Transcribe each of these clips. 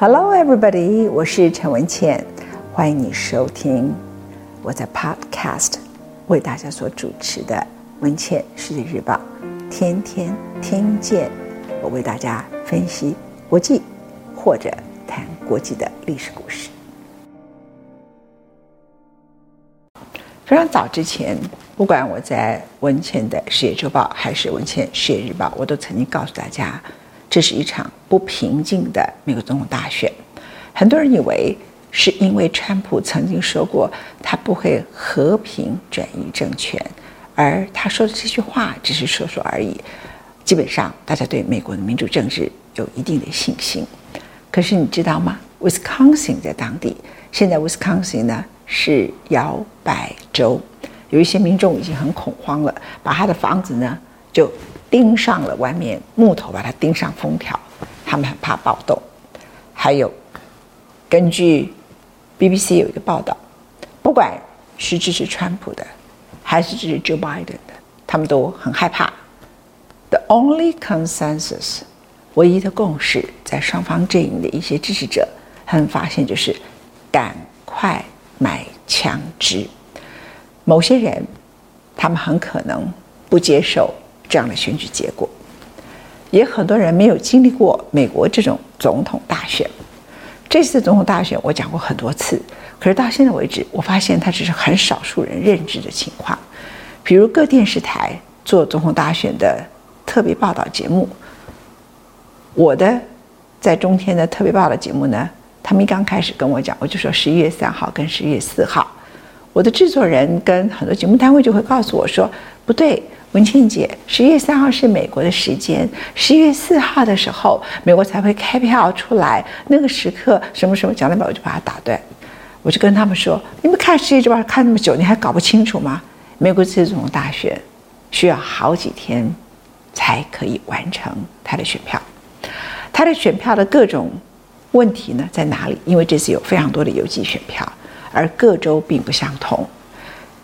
Hello, everybody！我是陳文茜，歡迎你收聽我在 Podcast 為大家所主持的《文茜世界日報》，天天聽見我為大家分析國際或者談國際的歷史故事。非常早之前，不管我在文茜的世界週報還是文茜世界日報，我都曾經告訴大家。這是一場不平靜的美國總統大選，很多人以為是因為川普曾經說過他不會和平轉移政權，而他說的這句話只是說說而已。基本上，大家對美國的民主政治有一定的信心。可是你知道嗎？Wisconsin 在當地現在 Wisconsin 呢是搖擺州，有一些民眾已經很恐慌了，把他的房子呢就……釘上了外面木頭，把它釘上封條。他們很怕暴動。還有，根據 BBC 有一個報道，不管是支持川普的，還是支持 Joe Biden 的，他們都很害怕。The only consensus 唯一的共識，在雙方陣營的一些支持者他們發現就是，趕快買槍支。某些人，他們很可能不接受。這樣的選舉結果，也很多人沒有經歷過美國這種總統大選。這次總統大選我講過很多次，可是到現在為止，我發現它只是很少數人認知的情況。比如各電視台做總統大選的特別報道節目，我的在中天的特別報道節目呢，他們一剛開始跟我講，我就說十一月三號跟十一月四號。我的製作人跟很多節目單位就會告訴我說：“不對，文茜姐，十一月三號是美國的時間，十一月四號的時候，美國才會開票出來。那個時刻什麼什麼講兩秒，我就把它打斷。我就跟他們說：‘你們看世界之播看那麼久，你還搞不清楚嗎？’美國這種大選需要好幾天才可以完成他的選票，他的選票的各種問題呢在哪裡？因為這次有非常多的郵寄選票。”而各州並不相同。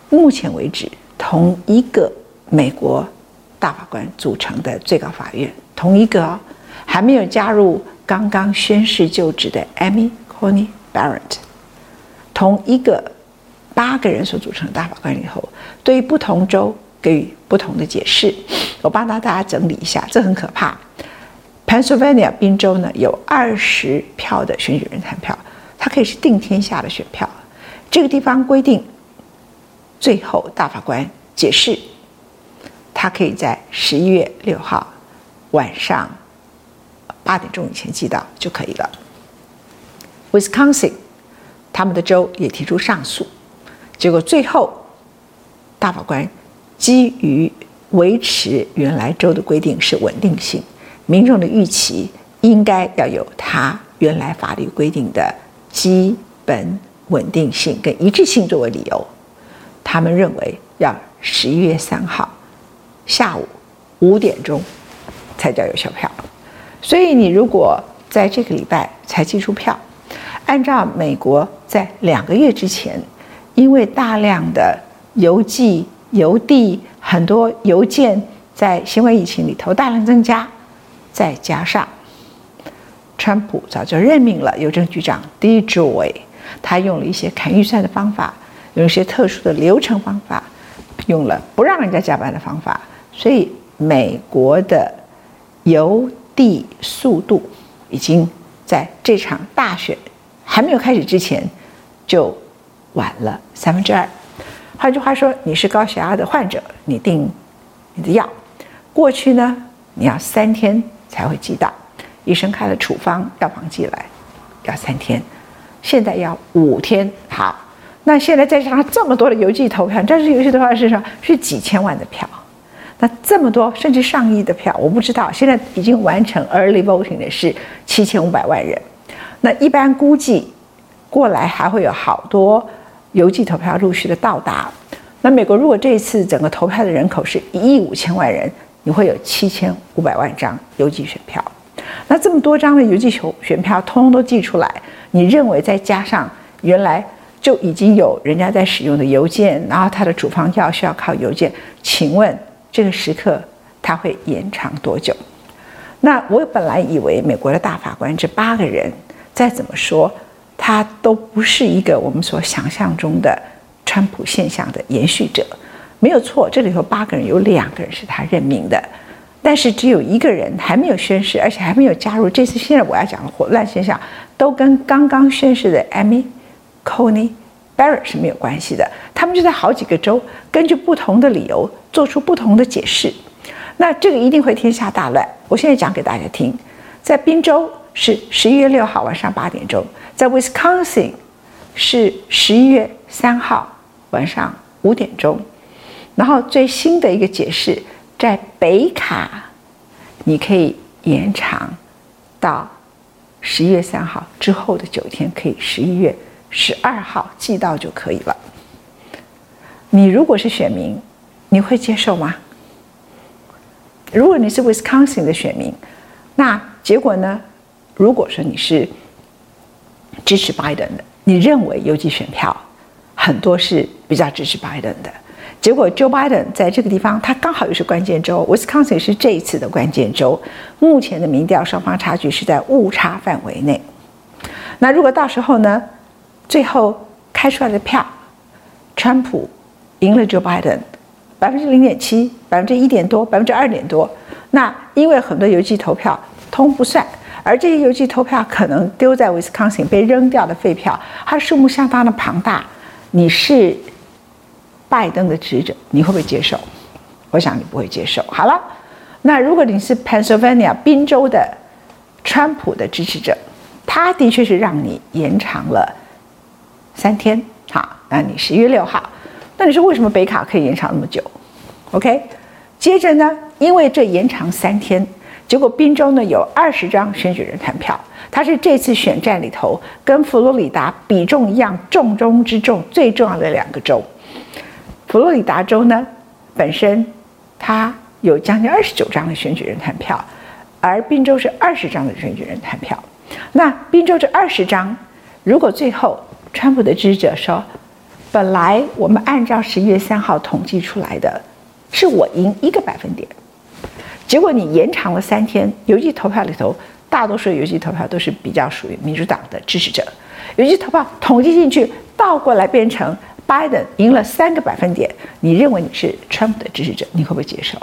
目前為止，同一個美國大法官組成的最高法院，同一個、哦、還沒有加入剛剛宣誓就職的 Amy Coney Barrett，同一個八個人所組成的大法官以後，對於不同州給予不同的解釋。我幫大家整理一下，這很可怕。Pennsylvania 賓州呢有二十票的選舉人團票，它可以是定天下的選票。這個地方規定，最後大法官解釋，他可以在十一月六號晚上八點鐘以前寄到就可以了。Wisconsin 他們的州也提出上訴，結果最後大法官基於維持原來州的規定是穩定性、民眾的預期應該要有他原來法律規定的基本。穩定性跟一致性作為理由，他們認為要十一月三號下午五點鐘才叫有效票。所以，你如果在這個禮拜才寄出票，按照美國在兩個月之前，因為大量的郵寄、郵遞，很多郵件在新冠疫情裡頭大量增加，再加上川普早就任命了郵政局長 DeJoy。他用了一些砍預算的方法，用一些特殊的流程方法，用了不讓人家加班的方法，所以美國的郵遞速度已經在這場大選還沒有開始之前就晚了三分之二。換句話說，你是高血壓的患者，你定你的藥，過去呢你要三天才會寄到，醫生開了處方，藥房寄來要三天。現在要五天，好，那現在再加上這麼多的郵寄投票，但是郵寄投票事實上是幾千萬的票，那這麼多甚至上億的票，我不知道現在已經完成 early voting 的是七千五百萬人，那一般估計過來還會有好多郵寄投票陸續的到達，那美國如果這一次整個投票的人口是一億五千萬人，你會有七千五百萬張郵寄選票。那這麼多張的郵寄選選票通通都寄出來，你認為再加上原來就已經有人家在使用的郵件，然後他的處方藥需要靠郵件，請問這個時刻他會延長多久？那我本來以為美國的大法官這八個人，再怎麼說他都不是一個我們所想象中的川普現象的延續者，沒有錯，這裡頭八個人有兩個人是他任命的。但是只有一個人還沒有宣誓，而且還沒有加入。這次現在我要講的混亂現象，都跟剛剛宣誓的 Amy，Coney，Barrett 是沒有關係的。他們就在好幾個州，根據不同的理由做出不同的解釋。那這個一定會天下大亂。我現在講給大家聽，在賓州是十一月六號晚上八點鐘，在 Wisconsin 是十一月三號晚上五點鐘，然後最新的一個解釋。在北卡，你可以延長到十一月三號之後的九天，可以十一月十二號寄到就可以了。你如果是選民，你會接受嗎？如果你是 Wisconsin 的選民，那結果呢？如果說你是支持拜登的，你認為郵寄選票很多是比較支持拜登的。結果，Joe Biden 在這個地方，他剛好又是關鍵州。Wisconsin 是這一次的關鍵州。目前的民調，雙方差距是在誤差範圍內。那如果到時候呢，最後開出來的票，川普贏了 Joe Biden，百分之零點七，百分之一點多，百分之二點多。那因為很多郵寄投票通不算，而這些郵寄投票可能丟在 Wisconsin 被扔掉的廢票，它的數目相當的龐大。你是？拜登的執政，你會不會接受？我想你不會接受。好了，那如果你是 Pennsylvania 賓州的川普的支持者，他的確是讓你延長了三天。好，那你十一月六號，那你說為什麼北卡可以延長那麼久？OK，接着呢，因為這延長三天，結果賓州呢有二十張選舉人團票，他是這次選戰裡頭跟佛羅里達比重一樣，重中之重，最重要的兩個州。佛羅里達州呢，本身它有將近二十九張的選舉人團票，而賓州是二十張的選舉人團票。那賓州這二十張，如果最後川普的支持者說，本來我們按照十一月三號統計出來的是我贏一個百分點，結果你延長了三天，郵寄投票裡頭大多數的郵寄投票都是比較屬於民主黨的支持者，郵寄投票統計進去，倒過來變成。Biden 贏了三個百分點，你認為你是 Trump 的支持者，你會不會接受？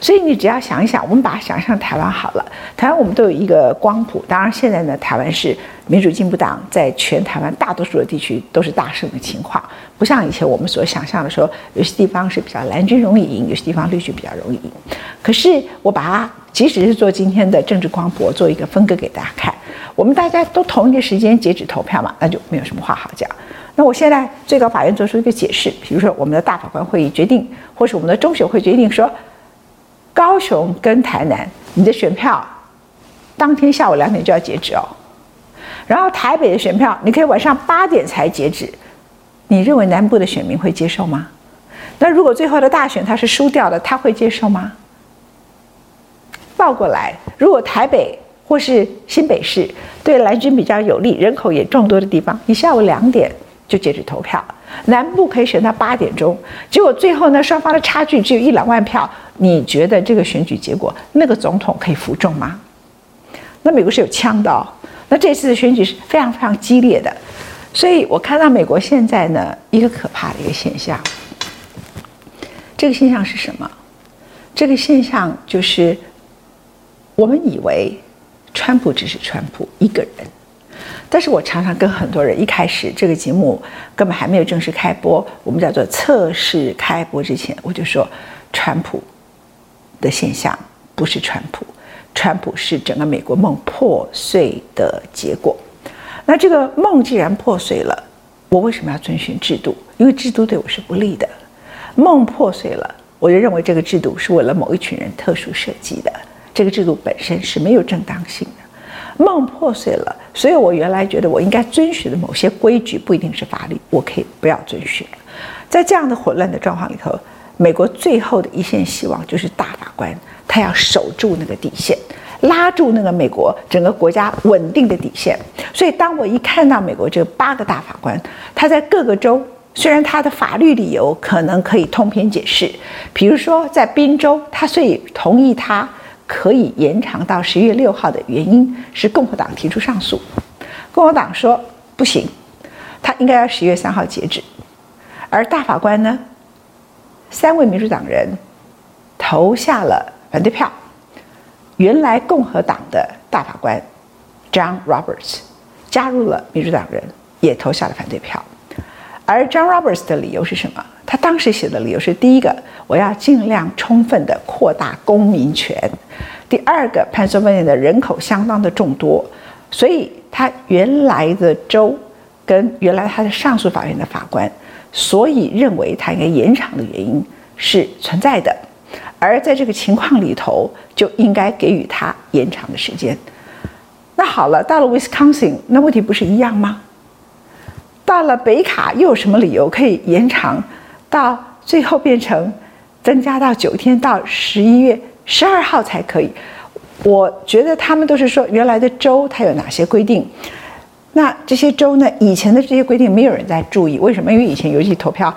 所以你只要想一想，我們把它想象台灣好了，台灣我們都有一個光譜。當然現在呢，台灣是民主進步黨在全台灣大多數的地區都是大勝的情況，不像以前我們所想象的時候，有些地方是比較藍軍容易贏，有些地方綠軍比較容易贏。可是我把它即使是做今天的政治光譜，我做一個分割給大家看，我們大家都同一個時間截止投票嘛，那就沒有什麼話好講。那我現在最高法院做出一個解釋，比如說我們的大法官會議決定，或是我們的中選會決定說，高雄跟台南，你的選票當天下午兩點就要截止哦。然後台北的選票你可以晚上八點才截止。你認為南部的選民會接受嗎？那如果最後的大選他是輸掉的，他會接受嗎？倒過來，如果台北或是新北市對藍軍比較有利、人口也眾多的地方，你下午兩點。就截止投票，南部可以選到八點鐘，結果最後呢，雙方的差距只有一兩萬票。你覺得這個選舉結果，那個總統可以服眾嗎？那美國是有槍的哦，那這次的選舉是非常非常激烈的，所以我看到美國現在呢，一個可怕的一個現象，這個現象是什麼？這個現象就是，我們以為川普只是川普一個人。但是我常常跟很多人一開始，這個節目根本還沒有正式開播，我們叫做測試開播之前，我就說，川普的現象不是川普，川普是整個美國夢破碎的結果。那這個夢既然破碎了，我為什麼要遵循制度？因為制度對我是不利的。夢破碎了，我就認為這個制度是為了某一群人特殊設計的，這個制度本身是沒有正當性的。夢破碎了。所以，我原來覺得我應該遵循的某些規矩不一定是法律，我可以不要遵循。在這樣的混亂的狀況裡頭，美國最後的一線希望就是大法官，他要守住那個底線，拉住那個美國整個國家穩定的底線。所以，當我一看到美國這八個大法官，他在各個州，雖然他的法律理由可能可以通篇解釋，比如說在賓州，他所以同意他。可以延長到十一月六號的原因是共和黨提出上訴，共和黨說不行，他應該要十一月三號截止，而大法官呢，三位民主黨人投下了反對票，原來共和黨的大法官 John Roberts 加入了民主黨人也投下了反對票，而 John Roberts 的理由是什麼？他當時寫的理由是：第一個，我要盡量充分的擴大公民權；第二個，Pennsylvania 的人口相當的眾多，所以他原來的州跟原來他的上訴法院的法官，所以認為他應該延長的原因是存在的。而在這個情況裡頭，就應該給予他延長的時間。那好了，到了 Wisconsin，那問題不是一樣嗎？到了北卡，又有什麼理由可以延長？到最後變成增加到九天，到十一月十二號才可以。我覺得他們都是說原來的州它有哪些規定，那這些州呢？以前的這些規定沒有人在注意，為什麼？因為以前郵寄投票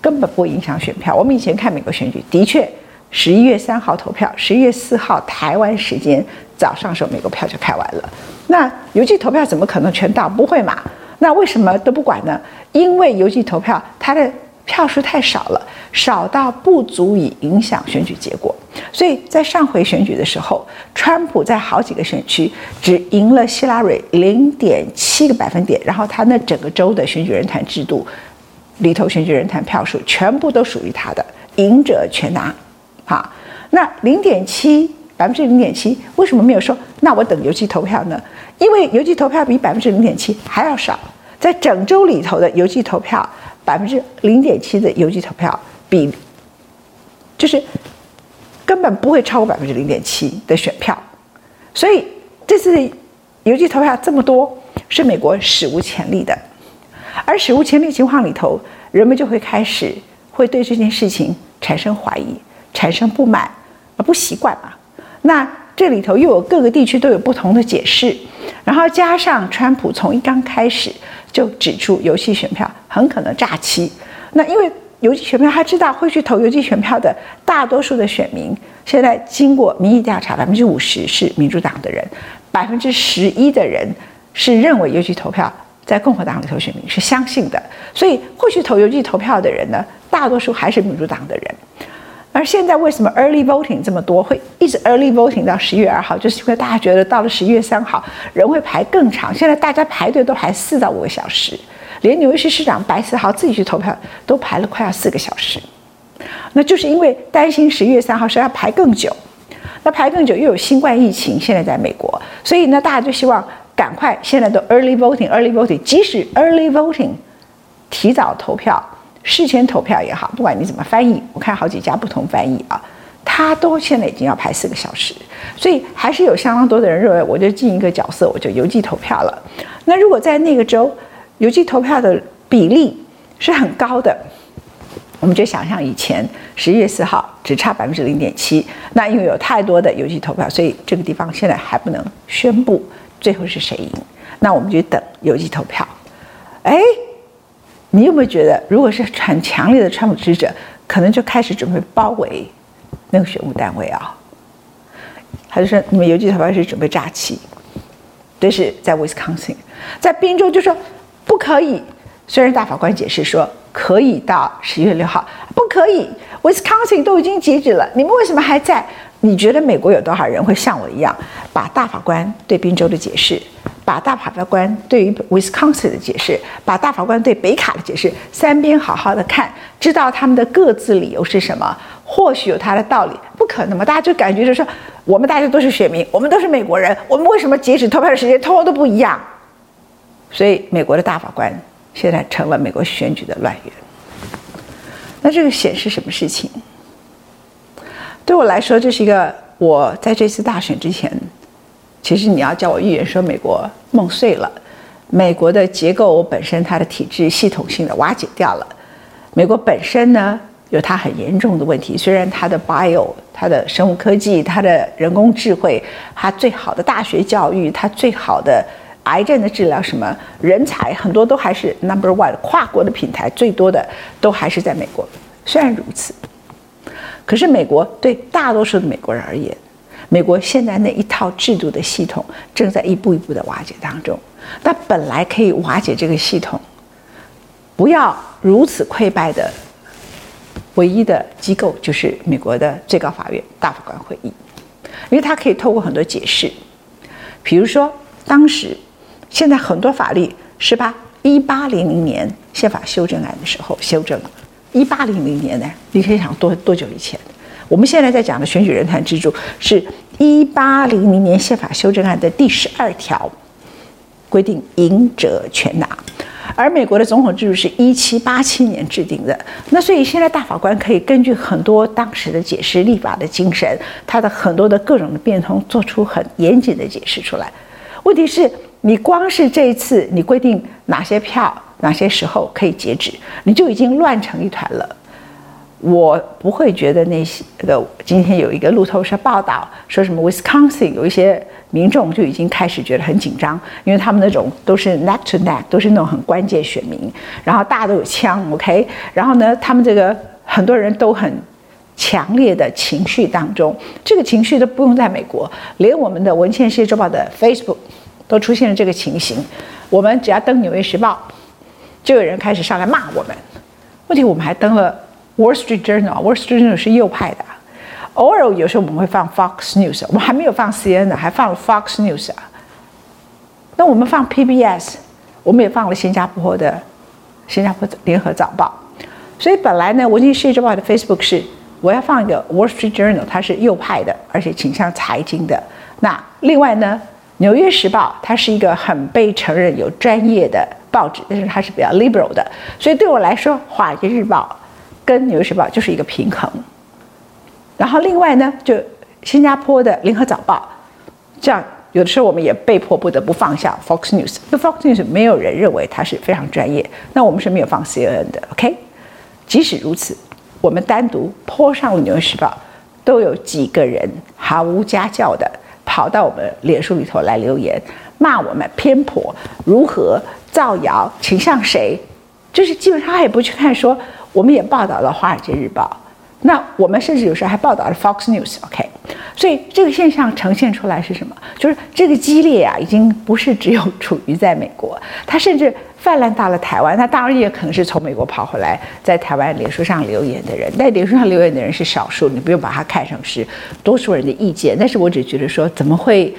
根本不影響選票。我們以前看美國選舉，的確十一月三號投票，十一月四號台灣時間早上時候美國票就開完了。那郵寄投票怎麼可能全到？不會嘛？那為什麼都不管呢？因為郵寄投票它的。票數太少了，少到不足以影響選舉結果。所以在上回選舉的時候，川普在好幾個選區只贏了希拉蕊零點七個百分點，然後他那整個州的選舉人團制度裡頭，選舉人團票數全部都屬於他的，贏者全拿。好，那零點七、百分之零點七，為什麼沒有說那我等郵寄投票呢？因為郵寄投票比百分之零點七還要少，在整州裡頭的郵寄投票。百分之零點七的郵寄投票比，就是根本不會超過百分之零點七的選票，所以這次郵寄投票這麼多是美國史無前例的，而史無前例情況裡頭，人們就會開始會對這件事情產生懷疑、產生不滿啊、不習慣嘛。那這裡頭又有各個地區都有不同的解釋，然後加上川普從一剛開始。就指出，郵寄選票很可能詐欺。那因為郵寄選票，他知道會去投郵寄選票的大多數的選民，現在經過民意調查50，百分之五十是民主黨的人，百分之十一的人是認為郵寄投票在共和黨裡頭選民是相信的，所以會去投郵寄投票的人呢，大多數還是民主黨的人。而現在為什麼 early voting 這麼多，會一直 early voting 到十一月二號，就是因為大家覺得到了十一月三號人會排更長。現在大家排隊都排四到五個小時，連紐約市市長白思豪自己去投票都排了快要四個小時，那就是因為擔心十一月三號是要排更久，那排更久又有新冠疫情，現在在美國，所以呢大家就希望趕快，現在都 early voting, early voting，early voting，即使 early voting，提早投票。事前投票也好，不管你怎麼翻譯，我看好幾家不同翻譯啊，他都現在已經要排四個小時，所以還是有相當多的人認為，我就進一個角色，我就郵寄投票了。那如果在那個州，郵寄投票的比例是很高的，我們就想象以前十一月四號只差百分之零點七，那因為有太多的郵寄投票，所以這個地方現在還不能宣布最後是誰贏，那我們就等郵寄投票。誒你有沒有覺得，如果是很強烈的川普支持者，可能就開始準備包圍那個選務單位啊、哦？他就說，你們郵寄投票是準備詐欺，這是在 Wisconsin，在賓州就說不可以。雖然大法官解釋說可以到十一月六號，不可以，Wisconsin 都已經截止了，你們為什麼還在？你覺得美國有多少人會像我一樣，把大法官對賓州的解釋，把大法官對於 Wisconsin 的解釋，把大法官對北卡的解釋，三邊好好的看，知道他們的各自理由是什麼？或許有他的道理，不可能嘛？大家就感覺就是說，我們大家都是選民，我們都是美國人，我們為什麼截止投票的時間，通通都不一樣？所以美國的大法官現在成了美國選舉的亂源。那這個顯示什麼事情？對我來說，這是一個我在這次大選之前，其實你要叫我預言說美國夢碎了，美國的結構本身它的體制系統性的瓦解掉了。美國本身呢，有它很嚴重的問題，雖然它的 bio、它的生物科技、它的人工智慧、它最好的大學教育、它最好的癌症的治療什麼人才很多都還是 number one，跨國的平台最多的都還是在美國。雖然如此。可是，美國對大多數的美國人而言，美國現在那一套制度的系統正在一步一步的瓦解當中。那本來可以瓦解這個系統，不要如此潰敗的唯一的機構就是美國的最高法院大法官會議，因為他可以透過很多解釋，比如說當時現在很多法律，是把一八零零年憲法修正案的時候修正了。一八零零年呢？你可以想多多久以前？我們現在在講的選舉人團制度，是一八零零年憲法修正案的第十二條規定“贏者全拿”，而美國的總統制度是一七八七年制定的。那所以現在大法官可以根據很多當時的解釋、立法的精神，他的很多的各種的變通，做出很嚴謹的解釋出來。問題是，你光是這一次，你規定哪些票，哪些時候可以截止？你就已經亂成一團了。我不會覺得那些的。今天有一個路透社報道，說什麼 Wisconsin 有一些民眾就已經開始覺得很緊張，因為他們那種都是 neck to neck，都是那種很關鍵選民，然後大家都有槍，OK。然後呢，他們這個很多人都很強烈的情緒當中，這個情緒都不用在美國，連我們的《文茜世界周報》的 Facebook 都出現了這個情形。我們只要登《紐約時報》。就有人開始上來罵我們，問題我們還登了《Wall Street Journal》，《Wall Street Journal》是右派的，偶爾有時候我們會放 Fox News，我們還沒有放 CNN，還放了 Fox News 啊。那我們放 PBS，我們也放了新加坡的《新加坡聯合早報》。所以本來呢，《文茜世界週報》的 Facebook 是我要放一個《Wall Street Journal》，它是右派的，而且傾向財經的。那另外呢，《紐約時報》它是一個很被承認有專業的。報紙，但是它是比較 liberal 的，所以對我來說，《華爾街日報》跟《紐約時報》就是一個平衡。然後另外呢，就新加坡的《聯合早報》，這樣有的時候我們也被迫不得不放下 Fox News。那 Fox News 沒有人認為它是非常專業，那我們是沒有放 CNN 的。OK，即使如此，我們單獨潑上了《紐約時報》，都有幾個人毫無家教的跑到我們臉書裡頭來留言，罵我們偏頗，如何？造謠傾向誰，就是基本上他也不去看說，說我們也報道了《華爾街日報》，那我們甚至有時候還報道了 Fox News okay。OK，所以這個現象呈現出來是什麼？就是這個激烈啊，已經不是只有處於在美國，它甚至泛濫到了台灣。那當然也可能是從美國跑回來，在台灣臉書上留言的人。在臉書上留言的人是少數，你不用把它看成是多數人的意見。但是我只覺得說，怎麼會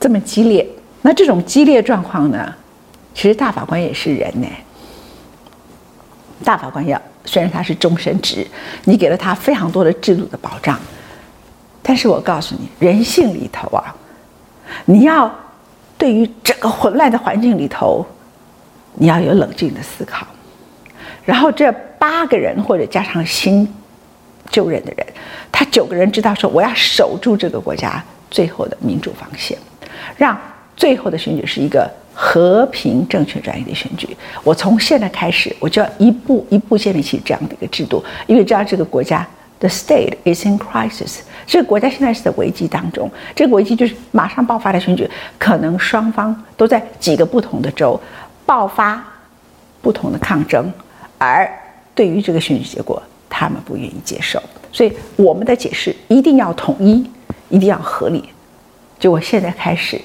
這麼激烈？那這種激烈狀況呢？其實大法官也是人呢，大法官要，雖然他是終身職，你給了他非常多的制度的保障，但是我告訴你，人性裡頭啊，你要對於整個混亂的環境裡頭，你要有冷靜的思考，然後這八個人或者加上新就任的人，他九個人知道說，我要守住這個國家最後的民主防線，讓。最後的選舉是一個和平政權轉移的選舉。我從現在開始，我就要一步一步建立起這樣的一個制度，因為這樣，這個國家 the state is in crisis。這個國家現在是在危機當中。這個危機就是馬上爆發的選舉，可能雙方都在幾個不同的州爆發不同的抗爭，而對於這個選舉結果，他們不願意接受。所以，我們的解釋一定要統一，一定要合理。就我現在開始。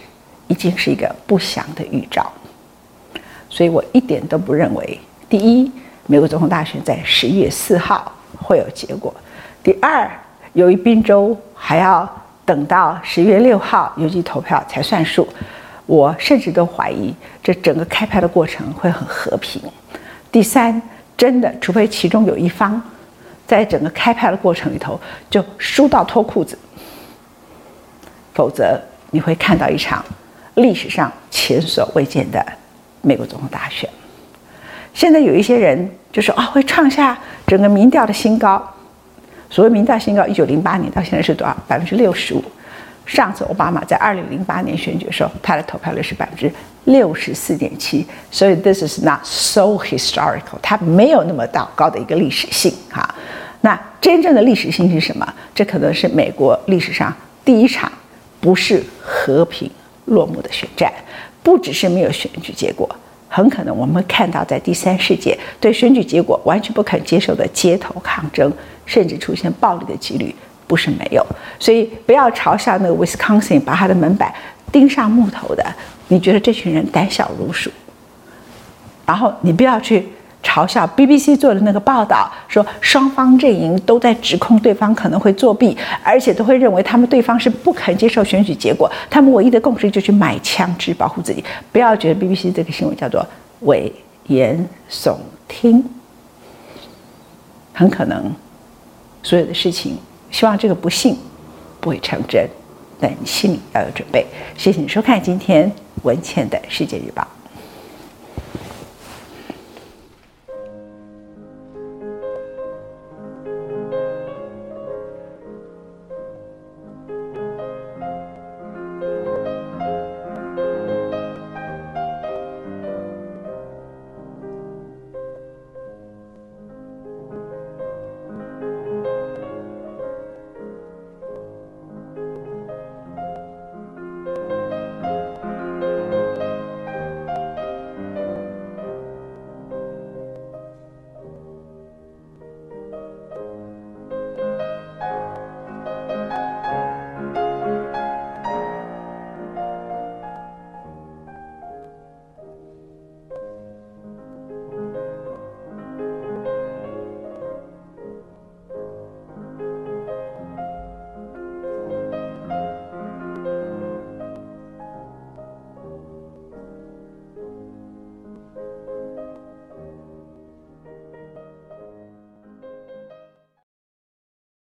已經是一個不祥的預兆，所以我一點都不認為，第一，美國總統大選在十一月四號會有結果；第二，由於賓州還要等到十一月六號郵寄投票才算數，我甚至都懷疑這整個開票的過程會很和平；第三，真的，除非其中有一方在整個開票的過程裡頭就輸到脫褲子，否則你會看到一場。歷史上前所未見的美國總統大選。現在有一些人就說啊，會創下整個民調的新高。所謂民調新高，一九零八年到現在是多少？百分之六十五。上次奧巴馬在二零零八年選舉的時候，他的投票率是百分之六十四點七。所以，this is not so historical，它沒有那麼大高的一個歷史性哈、啊。那真正的歷史性是什麼？這可能是美國歷史上第一場不是和平。落幕的選戰，不只是沒有選舉結果，很可能我們會看到在第三世界對選舉結果完全不肯接受的街頭抗爭，甚至出現暴力的幾率不是沒有。所以不要嘲笑那個 Wisconsin 把他的門板釘上木頭的，你覺得這群人膽小如鼠，然後你不要去。嘲笑 BBC 做的那個報道，說雙方陣營都在指控對方可能會作弊，而且都會認為他們對方是不肯接受選舉結果，他們唯一的共識，就去買槍支保護自己。不要覺得 BBC 這個新聞叫做危言聳聽，很可能所有的事情。希望這個不幸不會成真，但你心裡要有準備。謝謝你收看今天文茜的世界日報。